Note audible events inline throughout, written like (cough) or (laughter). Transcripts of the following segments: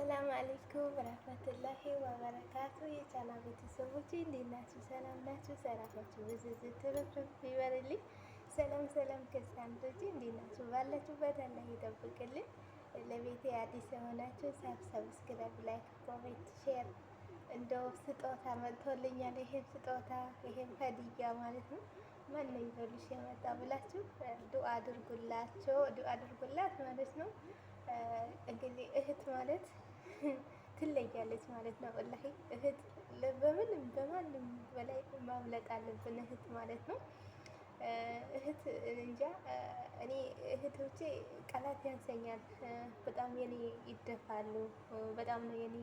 አሰላም አለይኩም ረህመቱላሂ ወበረካቱ የጫና ቤተሰቦች እንዴት ናችሁ? ሰላም ናችሁ? ሰላማችሁ ብዝዝ ትርፍርፍ ይበልልኝ። ሰላም ሰላም ክርስቲያኖች እንዴት ናችሁ? ባላችሁበት አላህ ይጠብቅልን። ለቤቴ አዲስ የሆናችሁ ሳብ ሰብስክራይብ፣ ላይክ፣ ኮሜንት፣ ሼር እንደው ስጦታ መጥቶልኛል። ይሄም ስጦታ ይሄም ሀዲያ ማለት ነው። ማን ይዞልሽ የመጣ ብላችሁ ዱአ አድርጉላቸው ዱአ አድርጉላት ማለት ነው። እንግዲህ እህት ማለት ትለያለች ማለት ነው። ወላሂ እህት በምንም በማንም በላይ ማምለጥ አለብን እህት ማለት ነው። እህት እንጃ እኔ እህቶቼ ቃላት ያንሰኛል። በጣም የኔ ይደፋሉ። በጣም ነው የኔ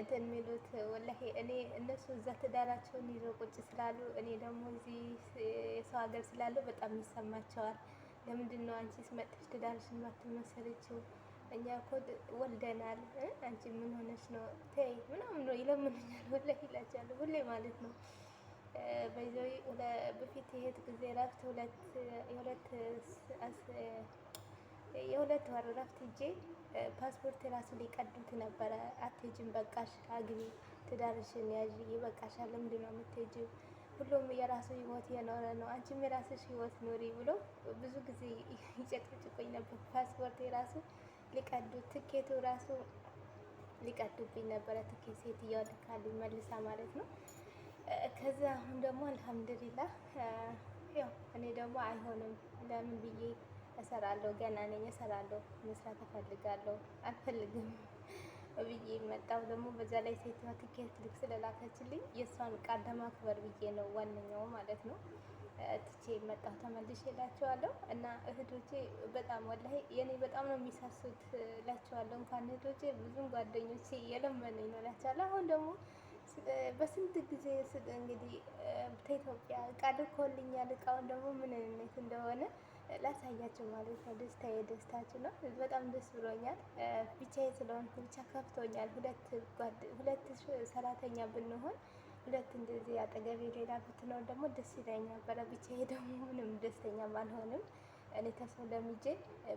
እንትን የሚሉት ወላሂ እኔ እነሱ እዛ ትዳራቸውን ይዘው ቁጭ ስላሉ እኔ ደግሞ እዚህ የሰው ሀገር ስላለው በጣም ይሰማቸዋል። ለምንድን ነው አንቺስ መጥተሽ ትዳርሽን ማትመሰለችው? እኛ እኮ ወልደናል፣ አንቺ ምን ሆነሽ ነው ተይ ምናምን ነው ይለምኑኛል። (laughs) ሁሌ ይላቸዋል፣ ሁሌ ማለት ነው። በዚህ በፊት የሄድ ጊዜ እረፍት ሁለት የሁለት ወር እረፍት እጄ ፓስፖርት ራሱ ሊቀዱት ነበረ። አትሄጂም፣ በቃሽ፣ አግቢ፣ ትዳርሽን ያዥ፣ ይበቃሻል፣ ለምንድን ነው የምትሄጂው? ሁሉም የራሱ ህይወት የኖረ ነው። አንቺም የራስሽ ህይወት ኑሪ ብሎ ብዙ ጊዜ ይጨቅጭቁኝ ነበር። ፓስፖርት የራሱ ሊቀዱ ትኬቱ ራሱ ሊቀዱብኝ ነበረ። ትኬት ሴትዮዋ ልካልኝ መልሳ ማለት ነው። ከዛ አሁን ደግሞ አልሐምዱሊላህ ያው እኔ ደግሞ አይሆንም ለምን ብዬ እሰራለሁ፣ ገና ነኝ እሰራለሁ፣ መስራት እፈልጋለሁ፣ አልፈልግም (laughs) ብዬ መጣው። ደግሞ በዛ ላይ ሴትዮዋ ትኬት ልክ ስለላከችልኝ የእሷን ቃል ለማክበር ብዬ ነው ዋነኛው ማለት ነው። ትቼ መጣሁ ተመልሼ እላቸዋለሁ። እና እህቶቼ በጣም ወላሂ የኔ በጣም ነው የሚሳሱት እላቸዋለሁ። እንኳን እህቶቼ ብዙም ጓደኞቼ የለመነኝ ነው እላቸዋለሁ። አሁን ደግሞ በስንት ጊዜ እንግዲህ ከኢትዮጵያ እቃ ልኮልኛል። እቃውን ደግሞ ምንነት እንደሆነ ላሳያችሁ ማለት ነው። ደስታ ደስታችሁ ነው። በጣም ደስ ብሎኛል። ብቻዬ ስለሆንኩ ብቻ ከፍቶኛል። ሁለት ሰራተኛ ብንሆን ሁለት እንደዚህ አጠገቤ ሌላ ብትኖር ደግሞ ደስ ይለኛል። ነበረ። ብቻዬ ደግሞ ምንም ደስተኛ አልሆንም። እኔ ተስሞ ለምጄ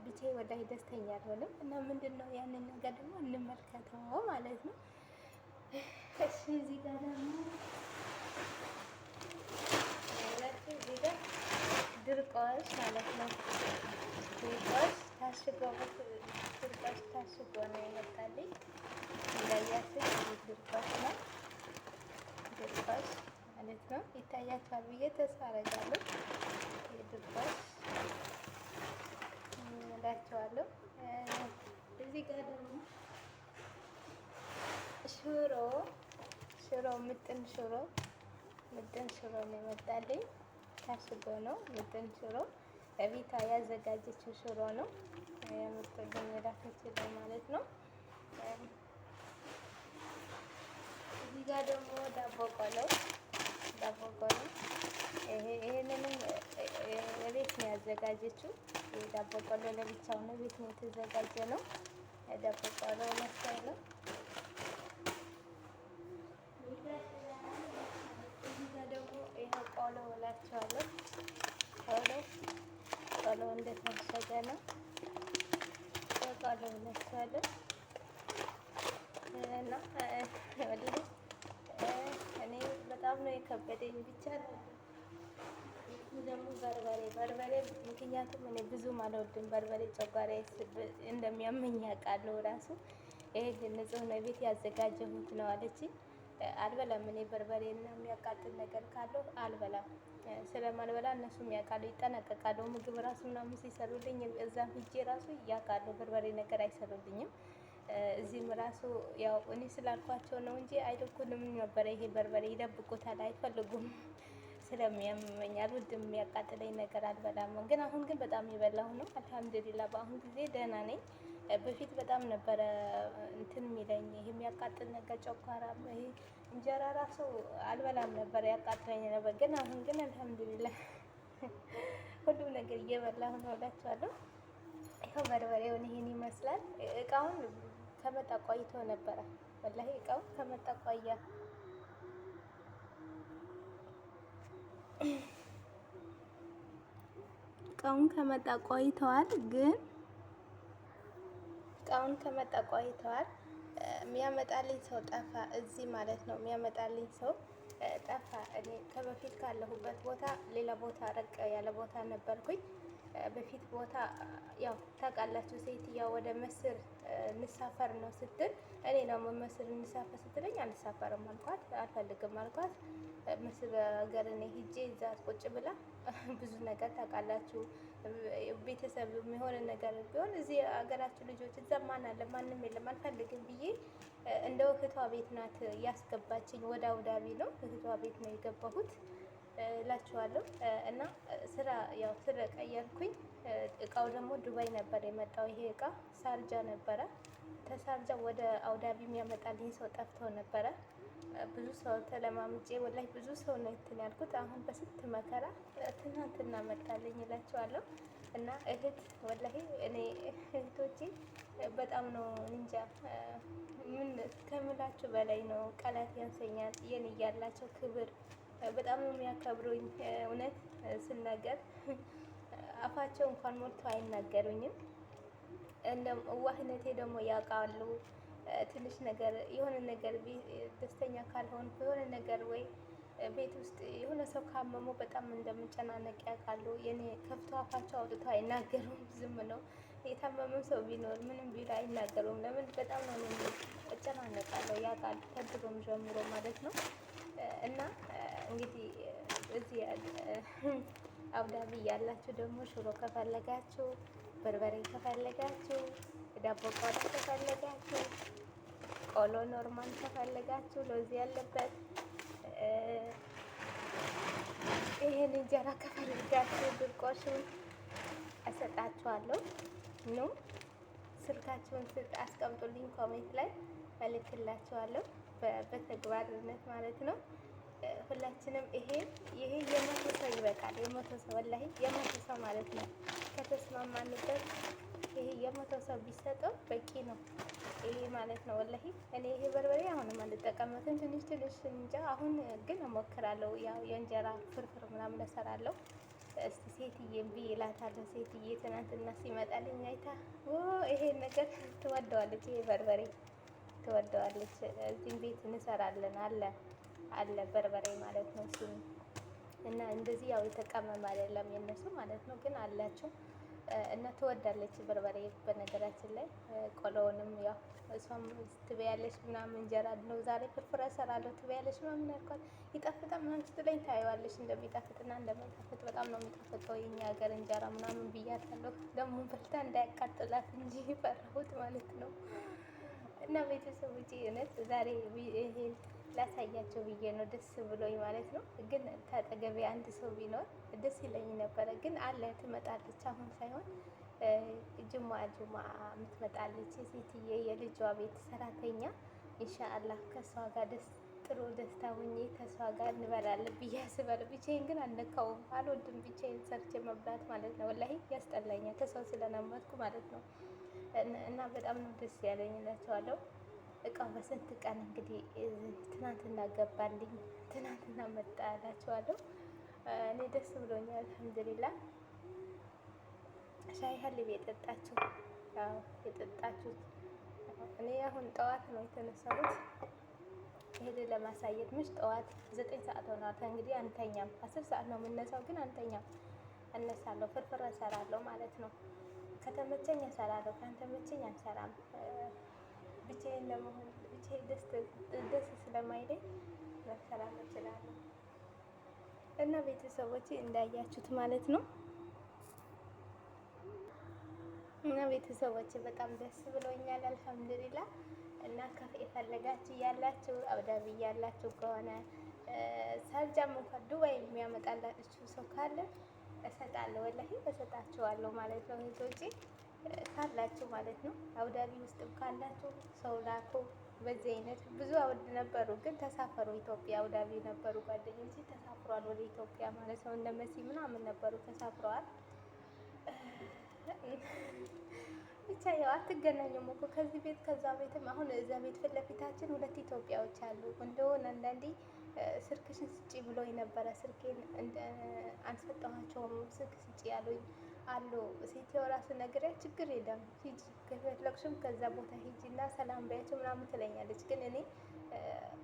ብቻዬ ወላሂ ደስተኛ አልሆንም። እና ምንድን ነው ያንን ነገር ደግሞ እንመልከተው ማለት ነው። እሺ እዚህ ጋር ደግሞ እዚህ ጋር ድርቆሽ ማለት ነው። ድርቆሽ ታሽጎ ድርቆሽ ታሽጎ ነው የመጣልኝ። እንዳያችሁ ድርቆሽ ነው ድባሽ ማለት ነው። ይታያችኋል ብዬ ተስፋ አደርጋለሁ። የድባሽ እላቸዋለሁ። እዚህ ጋር ደግሞ ሽሮ ሽሮ ምጥን ሽሮ ምጥን ሽሮ ነው የመጣልኝ። ታሽጎ ነው ምጥን ሽሮ እቤቷ ያዘጋጀችው ሽሮ ነው የምትገኝ ራሳችን ማለት ነው። እዚህ ጋር ደግሞ ዳቦ ቆሎ ዳቦ ቆሎ ይሄንንም ቤት ነው ያዘጋጀችው። ዳቦ ቆሎ ለብቻው ነው ቤት ነው የተዘጋጀ ነው። ዳቦ ቆሎ መሳይ ቆሎ እላቸዋለሁ። ቆሎ ቆሎ እንደታሸገ ነው። ቆሎ እላቸዋለሁ እና በጣም ነው የከበደኝ። ብቻ ነው ደግሞ በርበሬ በርበሬ ምክንያቱም እኔ ብዙም አልወድም በርበሬ ጨጓራ እንደሚያመኝ ያውቃለሁ ራሱ ይሄን ንጹህ ነው ቤት ያዘጋጀሁት ነው አለች። አልበላም እኔ በርበሬ እና የሚያቃጥል ነገር ካለው አልበላም። ስለማልበላ እነሱ ያውቃሉ፣ ይጠነቀቃሉ። ምግብ ራሱ ምናምን ሲሰሩልኝ እዛ ሂጄ ራሱ እያውቃለሁ በርበሬ ነገር አይሰሩልኝም። እዚህም ራሱ ያው እኔ ስላልኳቸው ነው እንጂ አይደኩልም ነበረ። ይሄ በርበሬ ይደብቁታል፣ አይፈልጉም ስለሚያመኝ አልወድም፣ የሚያቃጥለኝ ነገር አልበላም። ግን አሁን ግን በጣም የበላሁ ነው። አልሐምዱሊላ በአሁን ጊዜ ደህና ነኝ። በፊት በጣም ነበረ እንትን የሚለኝ ይሄ የሚያቃጥል ነገር ጨኳራ፣ ይሄ እንጀራ ራሱ አልበላም ነበረ፣ ያቃጥለኝ ነበር። ግን አሁን ግን አልሐምዱሊላ (laughs) ሁሉም ነገር እየበላሁ ነው እላችኋለሁ። ይኸው በርበሬውን ይሄን ይመስላል እቃውን ከመጣ ቆይቶ ነበረ። ወላሂ እቃው ከመጣ ቆየ። እቃውን ከመጣ ቆይተዋል፣ ግን እቃውን ከመጣ ቆይተዋል። የሚያመጣልኝ ሰው ጠፋ፣ እዚህ ማለት ነው። የሚያመጣልኝ ሰው ጠፋ። እኔ ከበፊት ካለሁበት ቦታ ሌላ ቦታ ረቀ ያለ ቦታ ነበርኩኝ። በፊት ቦታ ያው ታውቃላችሁ፣ ሴትዮዋ ወደ መስር እንሳፈር ነው ስትል እኔ ነው መመስል እንሳፈር ስትለኝ አንሳፈርም አልኳት፣ አልፈልግም አልኳት። ምስል ሀገር እኔ ሂጄ እዛ ቁጭ ብላ ብዙ ነገር ታውቃላችሁ። ቤተሰብ የሆነ ነገር ቢሆን እዚህ ሀገራችሁ ልጆች እዛ ማን አለ ማንም የለም አልፈልግም ብዬ እንደው እህቷ ቤት ናት ያስገባችኝ። ወደ አቡዳቢ ነው እህቷ ቤት ነው የገባሁት። እላችኋለሁ እና ስራ ያው ስለቀየርኩኝ እቃው ደግሞ ዱባይ ነበር የመጣው። ይሄ እቃ ሳርጃ ነበረ። ተሳርጃ ወደ አውዳቢ የሚያመጣልኝ ሰው ጠፍቶ ነበረ። ብዙ ሰው ተለማምጬ ወላሂ ብዙ ሰው ነው እንትን ያልኩት። አሁን በስንት መከራ ትናንትና መጣልኝ እላችኋለሁ። እና እህት ወላሂ እኔ እህቶቼ በጣም ነው እንጃ ምን ከምላችሁ በላይ ነው። ቃላት ያንሰኛል። የኔ ያላቸው ክብር በጣም ነው የሚያከብሩኝ። እውነት ስናገር አፋቸው እንኳን ሞልቶ አይናገሩኝም። ዋህነቴ ደግሞ ያውቃሉ። ትንሽ ነገር የሆነ ነገር ደስተኛ ካልሆን የሆነ ነገር ወይ ቤት ውስጥ የሆነ ሰው ካመሙ በጣም እንደምጨናነቅ ያውቃሉ። የኔ ከፍቶ አፋቸው አውጥቶ አይናገሩም። ዝም ነው። የታመመም ሰው ቢኖር ምንም ቢል አይናገሩም። ለምን በጣም ነው እጨናነቃለሁ። ያውቃሉ ከድሮም ጀምሮ ማለት ነው እና እንግዲህ እዚህ አብዳቢ ያላችሁ ደግሞ ሽሮ ከፈለጋችሁ፣ በርበሬ ከፈለጋችሁ፣ ዳቦ ቆዳ ከፈለጋችሁ፣ ቆሎ ኖርማል ከፈለጋችሁ፣ ሎዝ ያለበት ይሄን እንጀራ ከፈለጋችሁ ድርቆሹን አሰጣችኋለሁ። ኑ ስልካችሁን ስጥ አስቀምጡልኝ፣ ኮሜንት ላይ እልክላችኋለሁ በተግባርነት ማለት ነው። ሁላችንም ይሄ ይሄ የመቶ ሰው ይበቃል። የመቶ ሰው ወላሂ የመቶ ሰው ማለት ነው። ከተስማማንበት ይሄ የመቶ ሰው ቢሰጠው በቂ ነው። ይሄ ማለት ነው ወላሂ። እኔ ይሄ በርበሬ አሁንም አልጠቀምበትም። ትንሽ ትንሽ እንጃ። አሁን ግን እሞክራለሁ። ያው የእንጀራ ፍርፍር ምናምን እሰራለሁ። እስቲ ሴትዬ ብዬ እላታለሁ። ሴትዬ ትናንትና ሲመጣልኝ አይታ ይሄ ነገር ትወደዋለች። ይሄ በርበሬ ትወደዋለች። እዚህም ቤት እንሰራለን አለ አለ በርበሬ ማለት ነው። እሱ እና እንደዚህ ያው የተቀመመ አይደለም የነሱ ማለት ነው፣ ግን አላቸው እና ትወዳለች በርበሬ። በነገራችን ላይ ቆሎውንም ያው እሷም ትበያለች ምናምን እንጀራ ነው ዛሬ ፍርፍር እሰራለሁ ትበያለች ምናምን ያልኳት ይጣፍጣል ምናምን ስትለኝ ታየዋለች እንደሚጣፍጥና እንደማይጣፍጥ በጣም ነው የሚጣፍጠው የኛ ሀገር እንጀራ ምናምን ብያታለሁ። ደግሞ በልታ እንዳያቃጥላት እንጂ ፈራሁት ማለት ነው። እና ቤተሰቦቼ እውነት ዛሬ ይሄ ላሳያቸው ብዬ ነው ደስ ብሎኝ ማለት ነው። ግን ከአጠገቤ አንድ ሰው ቢኖር ደስ ይለኝ ነበረ። ግን አለ ትመጣለች፣ አሁን ሳይሆን ጅማ ጅማ የምትመጣለች የሴትዬ የልጇ ቤት ሰራተኛ። ኢንሻአላህ ከእሷ ጋር ደስ ጥሩ ደስታ ሁኜ ከእሷ ጋር እንበላለን ብዬ አስባለሁ። ብቻዬን ግን አልነካውም፣ አልወድም ብቻዬን ሰርቼ መብላት ማለት ነው። ወላሂ ያስጠላኛል ከሰው ስለለመድኩ ማለት ነው። እና በጣም ነው ደስ ያለኝ እላቸዋለሁ። እቃው በስንት ቀን እንግዲህ ትናንትና ገባልኝ፣ ትናንትና መጣ እላቸዋለሁ። እኔ ደስ ብሎኛል። አልሐምዱሊላ ሻይ ሀሊብ የጠጣችሁ የጠጣችሁ እኔ አሁን ጠዋት ነው የተነሳሁት። ይህን ለማሳየት ምሽ ጠዋት ዘጠኝ ሰዓት ሆኗል። እንግዲህ አንተኛም፣ አስር ሰዓት ነው የምነሳው፣ ግን አንተኛም። እነሳለሁ፣ ፍርፍር እሰራለሁ ማለት ነው። ከተመቸኝ እሰራለሁ፣ ካልተመቸኝ አልሰራም። ብቻዬን ለመሆን ብቻዬን ደስ ስለማይለኝ መሰራት እችላለሁ። እና ቤተሰቦች እንዳያችሁት ማለት ነው። እና ቤተሰቦች በጣም ደስ ብሎኛል። አልሐምዱሊላ እና ከፍ የፈለጋችሁ ያላችሁ አብዳቢ ያላችሁ ከሆነ ሳልጃም እንኳን ዱባይ የሚያመጣላችሁ ሰው ካለ እሰጣለሁ፣ ወላሂ እሰጣችኋለሁ ማለት ነው። ካላችሁ ማለት ነው አውዳቢ ውስጥም ካላችሁ ሰው ላኩ። በዚህ አይነት ብዙ አውድ ነበሩ፣ ግን ተሳፈሩ። ኢትዮጵያ አውዳቢ ነበሩ ጓደኞቼ፣ ተሳፍሯል ወደ ኢትዮጵያ ማለት ነው። እነ መሲ ምናምን ነበሩ ተሳፍረዋል። ብቻ ያው አትገናኙም እኮ ከዚህ ቤት ከዛ ቤትም። አሁን እዛ ቤት ፊት ለፊታችን ሁለት ኢትዮጵያዎች አሉ። እንደሆነ አንዳንዴ ስልክሽን ስጪ ብሎ የነበረ ስልኬን አልሰጠኋቸውም። ስልክ ስጪ ያሉኝ አሉ ሴትየው ራሱ ነግሪያ ችግር የለም ሂጂ ከፈለግሽም ከዛ ቦታ ሂጂ እና ሰላም በያቸው ምናምን ትለኛለች። ግን እኔ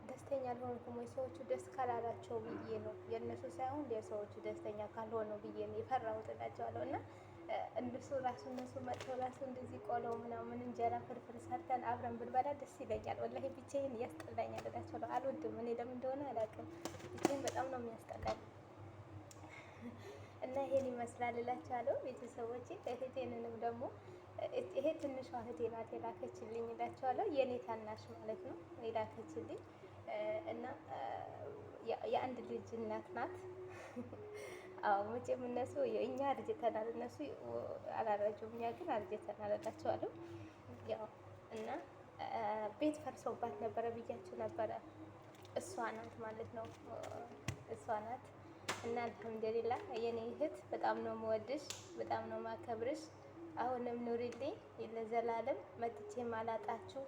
ደስተኛ አልሆንኩም ወይ ሰዎቹ ደስ ካላላቸው ብዬ ነው የእነሱ ሳይሆን የሰዎቹ ደስተኛ ካልሆነ ብዬ ነው የፈራሁት እላቸዋለሁ። እና እንደሱ ራሱ እነሱ መጥተው ራሱ እንደዚህ ቆሎ ምናምን እንጀራ ፍርፍር ሰርተን አብረን ብንበላ ደስ ይለኛል። ወላሂ ብቻዬን ያስጠላኛል እላቸዋለሁ። አልወድም እኔ ለምን እንደሆነ አላውቅም። ብቻዬን በጣም ነው የሚያስጠላኝ። እና ይሄን ይመስላል እላችኋለሁ ቤተሰቦቼ። እህቴንንም ደግሞ ይሄ ትንሿ እህቴ ናት የላከችልኝ እላችኋለሁ። የእኔ ታናሽ ማለት ነው የላከችልኝ እና የአንድ ልጅ እናት ናት። (laughs) አዎ መቼም እነሱ እኛ አርጅተናል፣ እነሱ አላረጁም፣ እኛ ግን አርጅተናል እላችኋለሁ። ያው እና ቤት ፈርሶባት ነበረ ብያችሁ ነበረ። እሷ ናት ማለት ነው እሷ ናት እና አልሐምዱሊላ የኔ እህት በጣም ነው መወድሽ፣ በጣም ነው ማከብርሽ። አሁንም ኑሪልኝ ለዘላለም መጥቼ ማላጣችሁ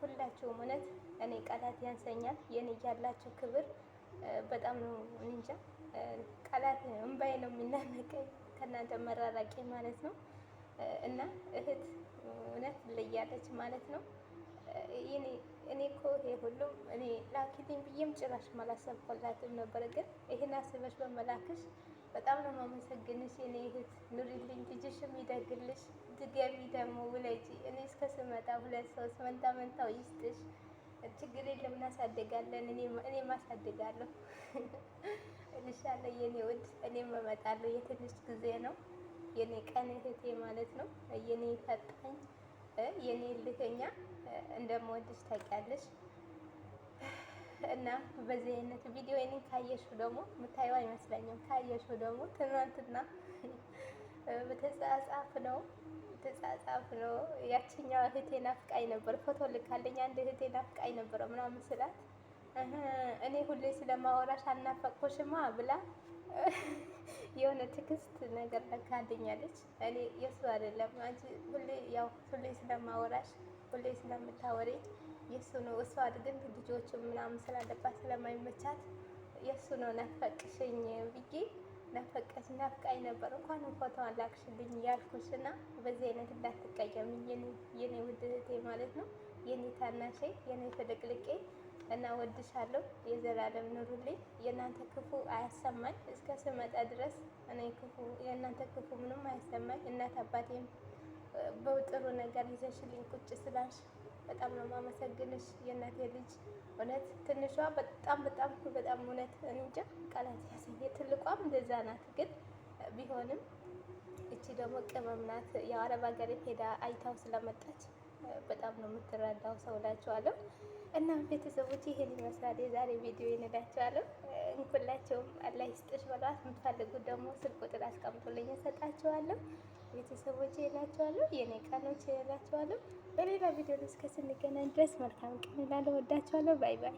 ሁላችሁም። እውነት እኔ ቃላት ያንሰኛል። የኔ ያላችሁ ክብር በጣም ነው እንጃ ቃላት እምባዬ ነው የሚናነቀኝ ከእናንተ መራራቂ ማለት ነው እና እህት እውነት ትለያለች ማለት ነው። እኔ እኮ ይሄ ሁሉም እኔ ላኪቲን ብዬም ጭራሽ አላሰብኩላትም ነበር፣ ግን ይህን አስበሽ በመላክሽ በጣም ነው የማመሰግንሽ የኔ እህት። ኑሪልኝ፣ ልጅሽም ይደግልሽ፣ ድገሚ ደግሞ ውለጂ። እኔ እስከ ስመጣ ሁለት ሶስት መንታ መንታው ይስጥሽ። ችግር የለም እናሳድጋለን፣ እኔ ማሳድጋለሁ (laughs) እልሻለሁ የኔ ውድ። እኔም እመጣለሁ፣ የትንሽ ጊዜ ነው የኔ ቀን እህቴ ማለት ነው የኔ ፈጣኝ የኔ ልተኛ እንደምወድሽ ታውቂያለሽ። እና በዚህ አይነት ቪዲዮ ይህንን ካየሽው ደግሞ የምታየው አይመስለኝም። ካየሽው ደግሞ ትናንትና በተጻጻፍ ነው ተጻጻፍ ነው ያችኛዋ እህቴ ናፍቃኝ ነበር፣ ፎቶ ልካለኝ። አንድ እህቴ ናፍቃኝ ነበረ ምናምን ስላት እኔ ሁሌ ስለማወራሽ አልናፈቅኩሽማ ብላ የሆነ ትዕግስት ነገር ለካደኛለች። እኔ የሱ አይደለም አንቺ ሁሌ ያው ሁሌ ስለማወራሽ ሁሌ ስለምታወሬ የሱ ነው። እሷ ግን ልጆች ምናምን ስላለባት ስለማይመቻት የእሱ ነው ናፈቅሽኝ ብዬ ናፈቀሽ ናፍቃኝ ነበር። እንኳን ፎቶ ላክሽልኝ ያልኩሽ እና በዚህ አይነት እንዳትቀየም የኔ ውድ እህቴ ማለት ነው የኔ ታናሼ የኔ ፍልቅልቄ እና ወድሻለሁ። የዘላለም ኑሩልኝ። የእናንተ ክፉ አያሰማኝ እስከ ስመጣ ድረስ እኔ ክፉ የእናንተ ክፉ ምንም አያሰማኝ። እናት አባቴም በጥሩ ነገር ይዘሽልኝ ቁጭ ስላልሽ በጣም ነው ማመሰግንሽ የእናቴ ልጅ እውነት ትንሿ በጣም በጣም በጣም እውነት እንጃ ቃላት ያሳየ ትልቋም እንደዛ ናት። ግን ቢሆንም እቺ ደግሞ ቅመም ናት። የአረብ ሀገር ሄዳ አይታው ስለመጣች በጣም ነው የምትረዳው ሰው እላቸዋለሁ። እና ቤተሰቦች ይሄን ይመስላል የዛሬ ቪዲዮ ይነዳቸዋለሁ። እንኩላቸውም አላህ ይስጥሽ በሏት። የምትፈልጉት ደግሞ ስልክ ቁጥር አስቀምጡልኝ እሰጣቸዋለሁ። ቤተሰቦች እላችኋለሁ፣ የኔ ቃሎች እላችኋለሁ። በሌላ ቪዲዮ እስከ ስንገናኝ ድረስ መልካም ቀን እላለሁ። ወዳችኋለሁ። ባይ ባይ።